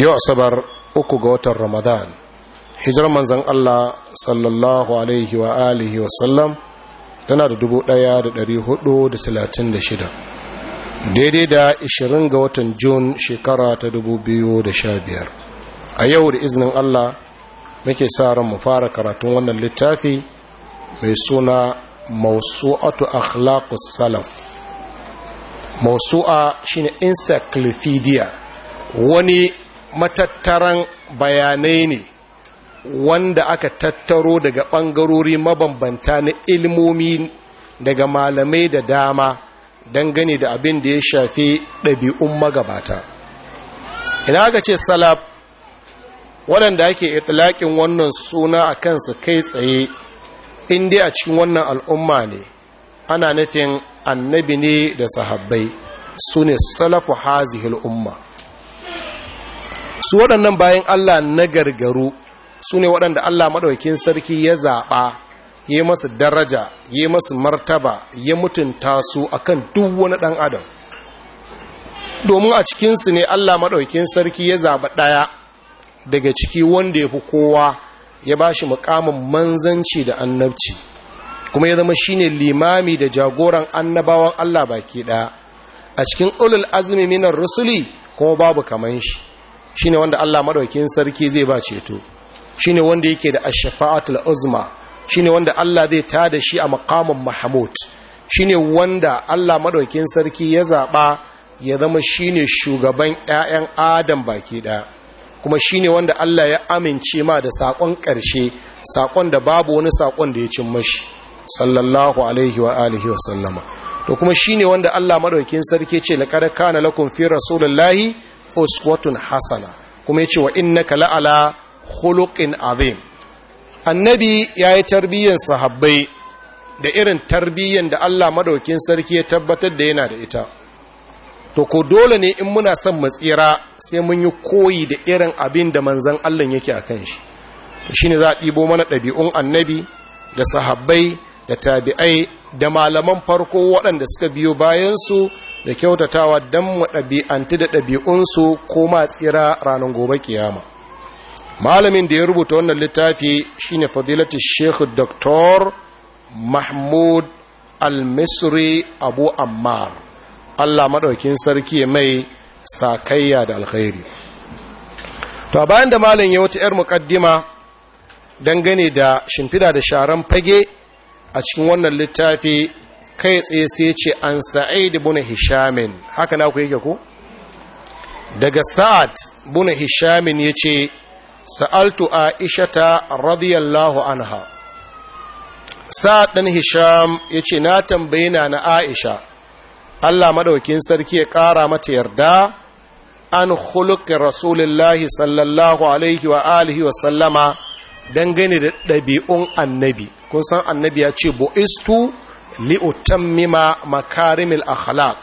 yau asabar uku ga watan ramadan hijirar manzan allah sallallahu alaihi wa alihi wasallam tana da dubu da da da dari hudu talatin shida, daidai da ishirin ga watan jun shekara ta dubu biyu da sha biyar. a yau da izinin allah muke sa ran mu fara karatun wannan littafi mai suna mausu'atu akhlaqus salaf mausu'a shine encyclopedia wani matattaran bayanai ne wanda aka tattaro daga ɓangarori mabambanta na ilmomi daga malamai da dama dangane da abin da ya shafi ɗabi'un magabata ina aka ce salaf waɗanda ake itlaƙin wannan suna a kansu kai tsaye inda a cikin wannan al'umma ne ana nufin annabi ne da sahabbai su ne salafu hazihil umma su waɗannan bayan Allah na gargaru su ne waɗanda Allah maɗaukin sarki ya zaɓa ya yi masu daraja ya yi masu martaba ya mutunta su akan duk wani ɗan adam domin a cikinsu ne Allah maɗaukin sarki ya zaɓa ɗaya daga ciki wanda ya fi kowa ya ba shi mukamin manzanci da annabci kuma ya zama shine limami da jagoran annabawan Allah baki ɗaya a cikin ulul azumi minar rusuli kuma babu kaman shi Shi ne wanda Allah maɗaukin sarki zai ba ceto Shi ne wanda yake da ash-shafa'atul uzma ne wanda Allah zai tada shi a mahamud Shi ne wanda Allah maɗaukin sarki ya zaɓa ya zama shi ne shugaban ƴaƴan Adam baki ɗaya kuma shi ne wanda Allah ya amince ma da saƙon ƙarshe saƙon da babu wani saƙon da ya cin mashi sallallahu alaihi wa alihi wa sallama to kuma shi ne wanda Allah maɗaukin sarki ce laƙar kana lakum fi rasulillahi uswatun hasana kuma ya ce wa innaka la'ala khuluqin azim annabi ya yi tarbiyyar sahabbai da irin tarbiyyar da Allah madaukin sarki ya tabbatar da yana da ita to ko dole ne in muna son mu tsira sai mun yi koyi da irin abin da manzon Allah yake akan shi to shine za a ɗibo mana ɗabi'un annabi da sahabbai da tabi'ai da malaman farko waɗanda suka biyo bayansu da kyautatawa don mu ɗabi'anti da ɗabi'unsu ko ma tsira ranar gobe kiyama malamin da ya rubuta wannan littafi shine fadilati sheikh dr mahmud al-misri abu ammar allah maɗaukin sarki mai sakayya da alkhairi to bayan da malam ya wata 'yar muƙaddima dangane da shimfida da sharan fage a cikin wannan littafi kai tsaye sai ce an sa'id ibn hishamin haka na ku yake ku? daga sa'ad ibn hishamin yace sa'altu aishata radiyallahu anha sa'ad ɗan hisham yace na tambayi na na aisha Allah maɗaukin sarki ya ƙara mata yarda an khuluqi rasulullahi sallallahu alaihi wa alihi wa sallama dangane da ɗabi'un annabi kun san annabi ya ce bo'istu. li'utammima makarimil akhlaq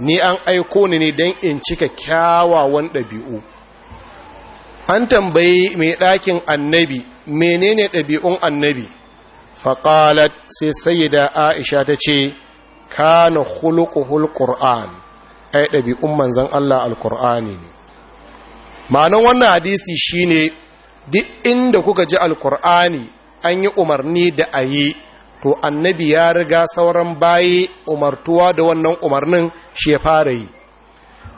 ni an aiko ni ne dan in cika kyawawan dabi'u. an tambayi mai ɗakin annabi menene ɗabi'un annabi faƙalat sai sayyida aisha tace kana khuluquhul qur'an ai ɗabi'un manzan Allah alƙur'ani ne ma'anin wannan hadisi shine duk inda kuka ji alƙur'ani an yi umarni da ayi to annabi ya riga sauran bayi umartuwa da wannan umarnin shi ya fara yi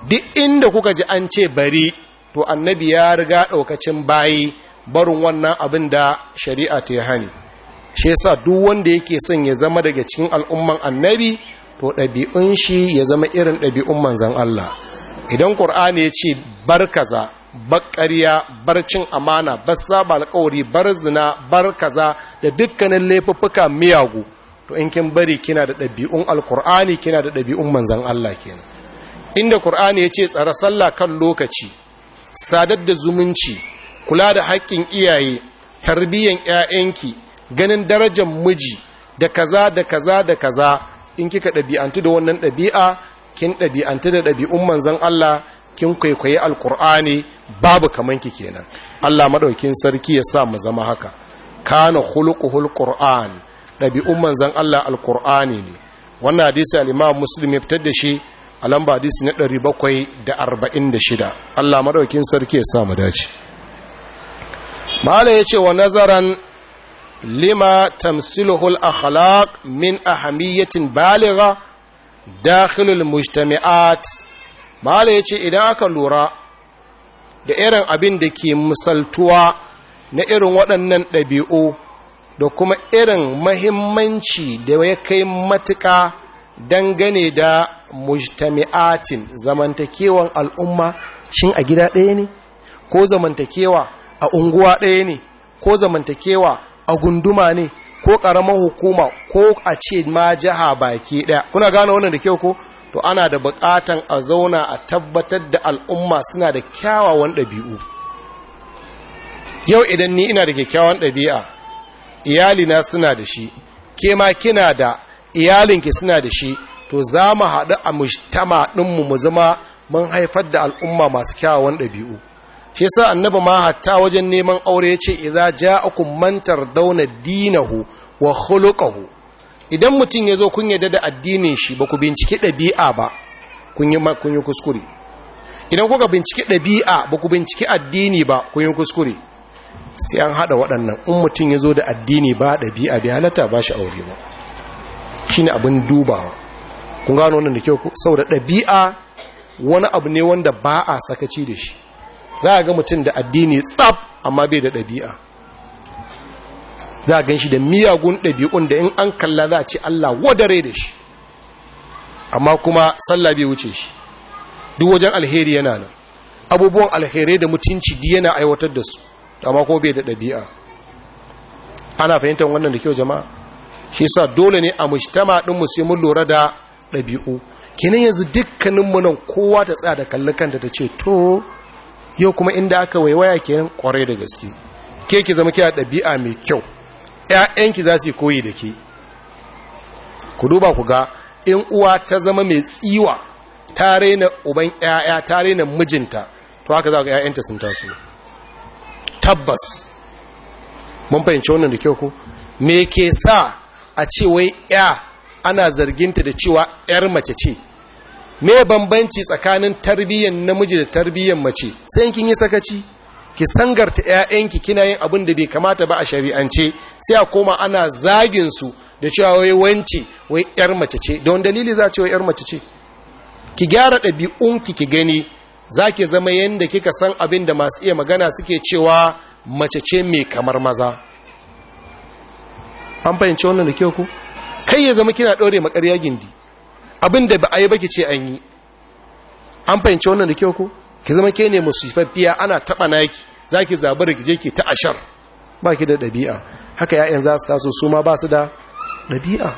duk inda kuka ji an ce bari to annabi ya riga ɗaukacin bayi barin wannan abin da shari'a ta hani shi yasa duk wanda yake son ya zama daga cikin al'umman annabi to ɗabi'un shi ya zama irin ɗabi'un manzan Allah idan ƙur'ani ya ce bar bakariya bar cin amana bar saba alkawari bar zina bar kaza da dukkanin laifuffuka miyagu to in kin bari kina da ɗabi'un alkur'ani kina da ɗabi'un manzan Allah kenan inda kur'ani ya ce tsara sallah kan lokaci sadar da zumunci kula da haƙƙin iyaye tarbiyyan ƴaƴanki, ganin darajar miji da kaza da kaza da kaza in kika ɗabi'antu da wannan ɗabi'a kin ɗabi'antu da ɗabi'un manzan Allah kin kwaikwayi alkur'ani babu ki kenan Allah madaukin sarki ya sa mu zama haka kana khuluquhul qur'an dabi'un manzon Allah alkur'ani ne wannan hadisi al-Imam Muslim ya fitar da shi a lamba hadisi na 746 Allah madaukin sarki ya sa mu dace mala yace wa nazaran lima tamsiluhul akhlaq min ahamiyatin baligha dakhilul mujtami'at mahala ya ce idan aka lura da irin abin da ke misaltuwa na irin waɗannan ɗabi'u da kuma irin mahimmanci da ya kai matuƙa dangane da mujtami'atin zamantakewan al'umma shin a gida ɗaya ne ko zamantakewa a unguwa ɗaya ne ko zamantakewa a gunduma ne ko ƙaramin hukuma ko a ce ma jiha baki ɗaya kuna gane wannan da kyau ko to ana da bukatan a zauna a tabbatar da al'umma suna da kyawawan ɗabi'u yau idan ni ina da kyakkyawan ɗabi'a iyalina suna da shi ke ma kina da iyalinki suna da shi to za mu haɗu a mujtama ɗinmu mu zama mun haifar da al'umma masu kyawawan ɗabi'u shi sa annaba ma hatta wajen neman aure ya ce ja ja'akum mantar dauna dinahu wa khuluquhu idan mutum ya zo kun yadda da addinin shi ba ku bincike ɗabi'a ba kun yi kuskure idan kuka bincike ɗabi'a ba ku bincike addini ba kun yi kuskure sai an haɗa waɗannan in mutum ya zo da addini ba ɗabi'a bai halatta ba shi aure ba shi ne abin dubawa kun gano wannan da kyau sau da ɗabi'a wani abu ne wanda ba a sakaci da shi za a ga mutum da addini tsab amma bai da ɗabi'a za a gan shi da miyagun ɗabi'un da in an kalla za a ce Allah wadare da shi amma kuma sallah bai wuce shi duk wajen alheri yana nan abubuwan alherai da mutunci di yana aiwatar da su amma ko bai da ɗabi'a ana fahimtar wannan da kyau jama'a shi sa dole ne a mujtama ɗin mu sai mun lura da ɗabi'u kenan yanzu dukkanin mu nan kowa ta tsaya da kallon kanta ta ce to yau kuma inda aka waiwaya kenan kwarai da gaske ke ki zama kiya ɗabi'a mai kyau ‘ya'yanki za su koyi da ke ku duba ku ga in uwa ta zama mai tsiwa ta raina uban ‘ya'ya ta raina mijinta to haka za ga ‘ya'yanta sun taso tabbas mun fahimci wannan da kyau ku me ke sa a ce wai ‘ya ana zarginta da cewa ‘yar mace ce me bambanci tsakanin tarbiyyar namiji da tarbiyyar mace sai kin yi sakaci ki sangarta 'ya'yanki kina yin abin da bai kamata ba a shari'ance sai a koma ana zagin su da cewa wai wance wai 'yar mace ce don dalili za ce wai 'yar mace ce ki gyara ɗabi'unki ki gani za ki zama yadda kika san abin da masu iya magana suke cewa mace ce mai kamar maza an fahimci wannan da kyau ku kai ya zama kina ɗaure makarya gindi abin da ba a yi ba ki ce an yi an fahimci wannan da kyau ku ki zama ke ne musifaffiya ana taɓa naki za ki zaɓi da ki ta ashar ba ki da ɗabi'a haka ya'yan za su taso su ma ba su da ɗabi'a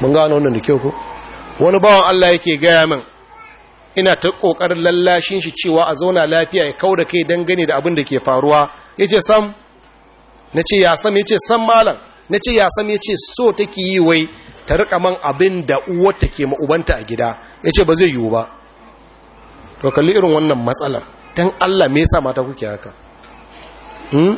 mun gano wannan da kyau ko wani bawan Allah yake gaya min ina ta ƙoƙarin lallashin shi cewa a zauna lafiya ya kau da kai dangane da abin da ke faruwa ya ce sam na ce ya sam ya ce sam malam na ce ya sam ya ce so take yi wai ta riƙa man abin da uwar take ma'ubanta a gida ya ce ba zai yiwu ba to kalli irin wannan matsalar don allah me yasa mata kuke haka hmm?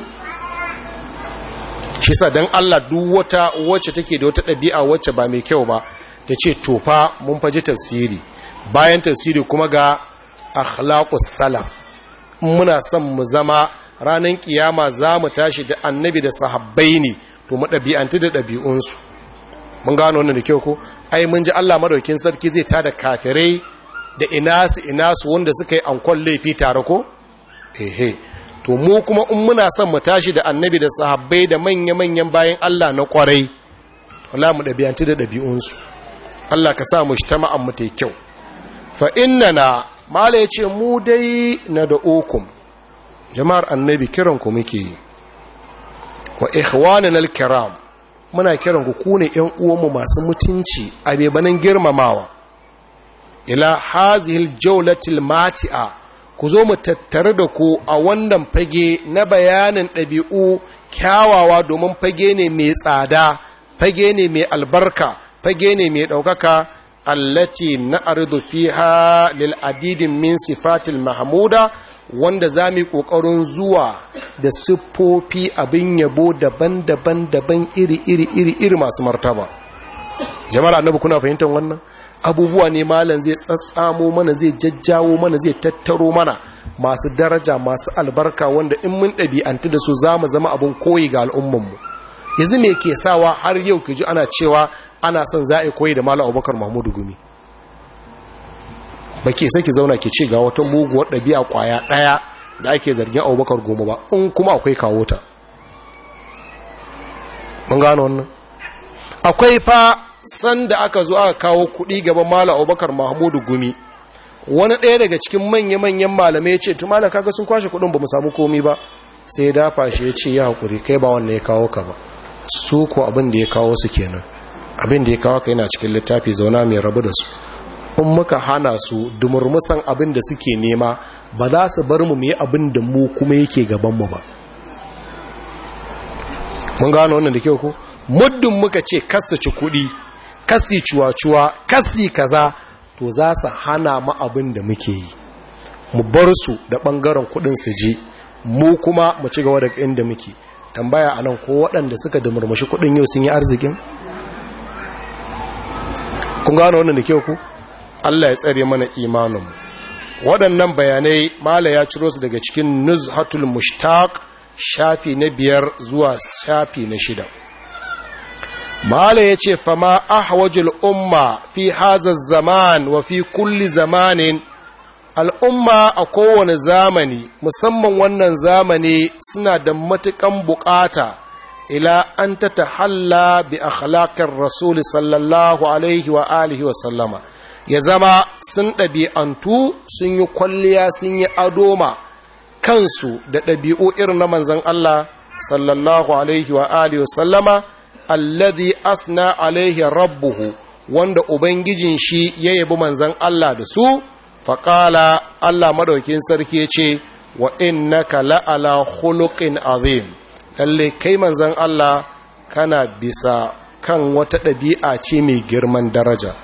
shi sa don allah duk wata wacce take da wata ɗabi'a wacce ba mai kyau ba ta ce tofa mun faji tafsiri bayan tafsiri kuma ga akhlaqus salaf muna son mu zama ranar kiyama za mu tashi da annabi da sahabbai ne to mu ɗabi'antu da ɗabi'unsu mun gano wannan da kyau ko ai mun ji Allah madaukin sarki zai tada kafirai da inasu inasu wanda suka yi ankon laifi tare ko ehe to mu kuma in muna son mu tashi da annabi da sahabbai da manya-manyan bayan Allah na kwarai wala mu ɗabi'anci da ɗabi'unsu Allah ka sa mu shi ta mu ta kyau fa inna na mala ya ce mu dai na da okun jama'ar annabi kiran ku muke yi wa na alkiram muna kiran ku ne 'yan uwanmu masu mutunci a bebanin girmamawa ila hazihil jaulatil mati'a ku zo mu tattare da ku a wannan fage na bayanin ɗabi'u kyawawa domin fage ne mai tsada fage ne mai albarka fage ne mai ɗaukaka allati na ardu fiha lil adidin min sifatil mahmuda wanda za mu yi ƙoƙarin zuwa da siffofi abin yabo daban-daban daban iri-iri iri-iri masu martaba jama'a annabi kuna fahimtar wannan abubuwa ne malam zai tsatsamo mana zai jajjawo mana zai tattaro mana masu daraja masu albarka wanda in mun ɗabi'anta da su za mu zama abin koyi ga al'ummanmu yanzu me ke sawa har yau ke ji ana cewa ana son za a koyi da malam abubakar mahmudu gumi ba ke sai ki zauna ke ce ga wata muguwar ɗabi'a kwaya ɗaya da ake zargin abubakar goma ba in kuma akwai kawo ta mun gano wannan akwai fa sanda aka zo aka kawo kuɗi gaban mala abubakar mahmudu gumi wani ɗaya daga cikin manya-manyan malamai ya ce tu mala kaga sun kwashe kuɗin ba mu samu komi ba sai ya dafa shi ya ce ya haƙuri kai ba wanda ya kawo ka ba su ko abin da ya kawo su kenan abin da ya kawo ka yana cikin littafi zauna mai rabu da su in muka hana su dumurmusan abin da suke nema ba za su bar mu mai abin da mu kuma yake gaban mu ba mun gano wannan da kyau ko muddin muka ce kasa ci kuɗi kasi cuwa-cuwa kasi kaza to za su hana mu abin da muke yi mu bar su da ɓangaren kuɗin su je mu kuma mu ci gaba da inda muke tambaya anan ko waɗanda suka da murmushi kuɗin yau sun yi arzikin kun gano wannan da kyau ku Allah ya tsare mana imanin mu waɗannan bayanai mala ya ciro su daga cikin nuzhatul mushtaq shafi na biyar zuwa shafi na shida mala ya ce fama ahwajul umma fi hazar zaman wa fi kulli zamanin al'umma a kowane zamani musamman wannan zamani suna da matuƙan buƙata ila an ta halla bi akhlaqir rasul sallallahu alaihi wa alihi wa sallama ya zama sun ɗabi'antu sun yi kwalliya sun yi adoma kansu da ɗabi'u irin na manzan Allah sallallahu alaihi wa alihi wa sallama alladhi asna alaihi rabbuhu wanda ubangijin shi ya yabi manzan Allah da su faƙala Allah madaukin sarki ya ce wa innaka la'ala khuluqin azim lalle kai manzan Allah kana bisa kan wata ɗabi'a ce mai girman daraja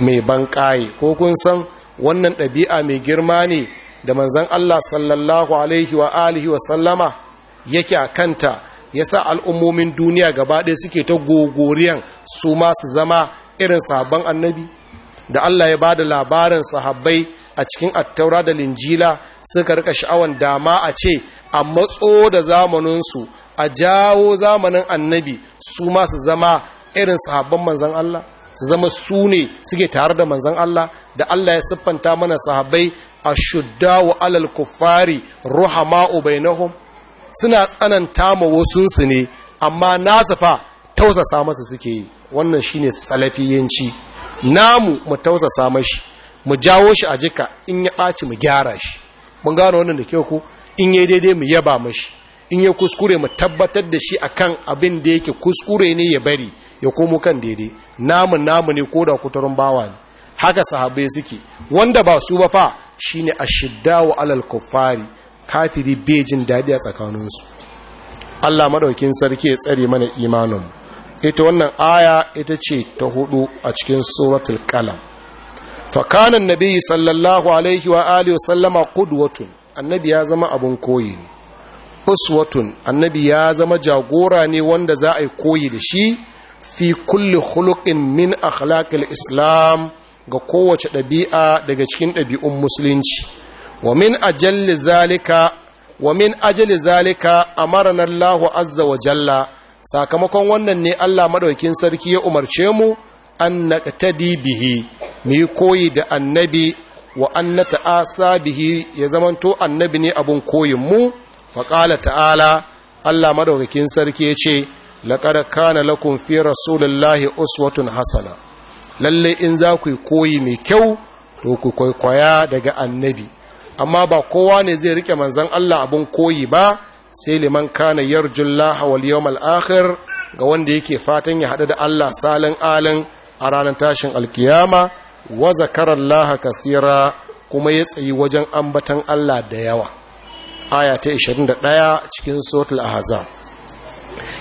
mai banƙaye ko kun san wannan ɗabi'a mai girma ne da manzan Allah sallallahu alaihi wa alihi wa sallama yake a kanta ya sa al'ummomin duniya gaba ɗaya suke ta gogoriyan su ma zama irin sahabban annabi da Allah ya ba da labarin sahabbai a cikin attaura da linjila suka rika sha'awan dama a ce a matso da zamaninsu a jawo zamanin annabi su ma zama irin sahabban manzan Allah su zama su ne suke tare da manzan Allah da Allah ya siffanta mana sahabbai a shudda wa alal kuffari ruhama'u bainahum suna tsananta ma wasunsu ne amma nasa fa tausasa masa suke yi wannan shi ne salafiyanci namu mu tausasa mashi mu jawo shi a jika in ya ɓaci mu gyara shi mun gano wannan da ke ku, in ya daidai mu yaba mashi in ya kuskure mu tabbatar da shi a kan abin da yake kuskure ne ya bari ya komo kan daidai namu namu ne ko da kuturin bawa ne haka sahabai suke wanda ba su ba fa shine ashiddawu alal kuffari kafiri jin daɗi a tsakaninsu allah maɗaukin sarki ya tsare mana imanin ita wannan aya ita ce ta hudu a cikin suratul kalam fakanan nabi sallallahu alaihi wa alihi wa sallama qudwatun annabi ya zama abun koyi ne uswatun annabi ya zama jagora ne wanda za a yi koyi da shi fi kulli khuluqin min akhlaqil islam ga kowace ɗabi'a daga cikin ɗabi'un musulunci wa min ajalli zalika wa min ajali zalika amarna Allah wa jalla sakamakon wannan ne Allah madaukin sarki ya umarce mu an naqtadi bihi mu koyi da annabi wa an nata'asa bihi ya zamanto annabi ne abun koyin mu fa qala ta'ala Allah madaukakin sarki ya ce laqad kana lakum fi rasulillahi uswatun hasana lalle in za ku koyi mai kyau to ku kwaikwaya daga annabi amma ba kowa ne zai rike manzan Allah abin koyi ba sai liman kana yarjullaha wal yawmal akhir ga wanda yake fatan ya haɗu da Allah salin alin a ranar tashin alkiyama wa zakarallaha kasira kuma ya tsayi wajen ambatan Allah da yawa aya ta 21 cikin suratul ahzab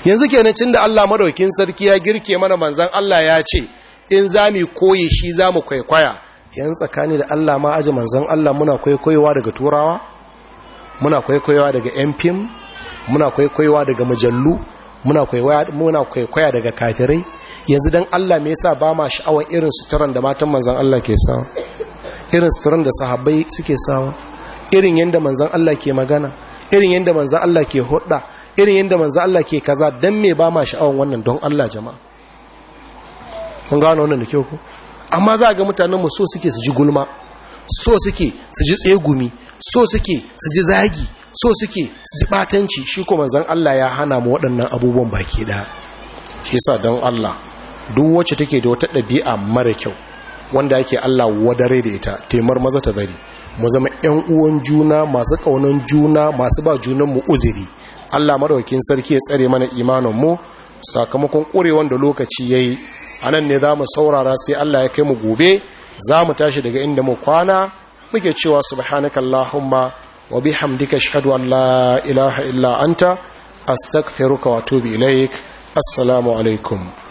yanzu kenan cin da Allah madaukin sarki ya girke mana manzan Allah ya ce in za mu koyi shi za mu kwaikwaya yan tsakani da Allah ma aji manzan Allah muna kwaikwaiwa daga turawa muna kwaikwaiwa daga fim muna kwaikwaiwa daga mujallu muna kwaikwaya daga kafirai yanzu don Allah me sa ba ma sha'awar irin suturan da matan manzan Allah ke sawa irin suturan da sahabbai suke sawa irin yanda manzan Allah ke magana irin yanda manzan Allah ke hudda irin yanda manzan Allah ke kaza dan me ba ma sha'awar wannan don Allah jama'a kun gano wannan da kyau ku amma za a ga mutanen mu so suke su ji gulma so suke su ji tsegumi so suke su ji zagi so suke su ji batanci shi kuma zan Allah ya hana mu waɗannan abubuwan baki ɗaya shi sa don Allah duk wacce take da wata ɗabi'a mara kyau wanda yake Allah wadare da ita taimar maza ta bari mu zama ƴan uwan juna masu ƙaunan juna masu ba junan mu uzuri Allah madaukakin sarki ya tsare mana imanin mu sakamakon ƙurewan da lokaci ya yi a ne za mu saurara sai Allah ya kai mu gobe za mu tashi daga inda mu kwana muke cewa subhanakallahumma ma wa bihamdika ashhadu an la ilaha illa anta astaghfiruka wa atubu ilaik assalamu alaikum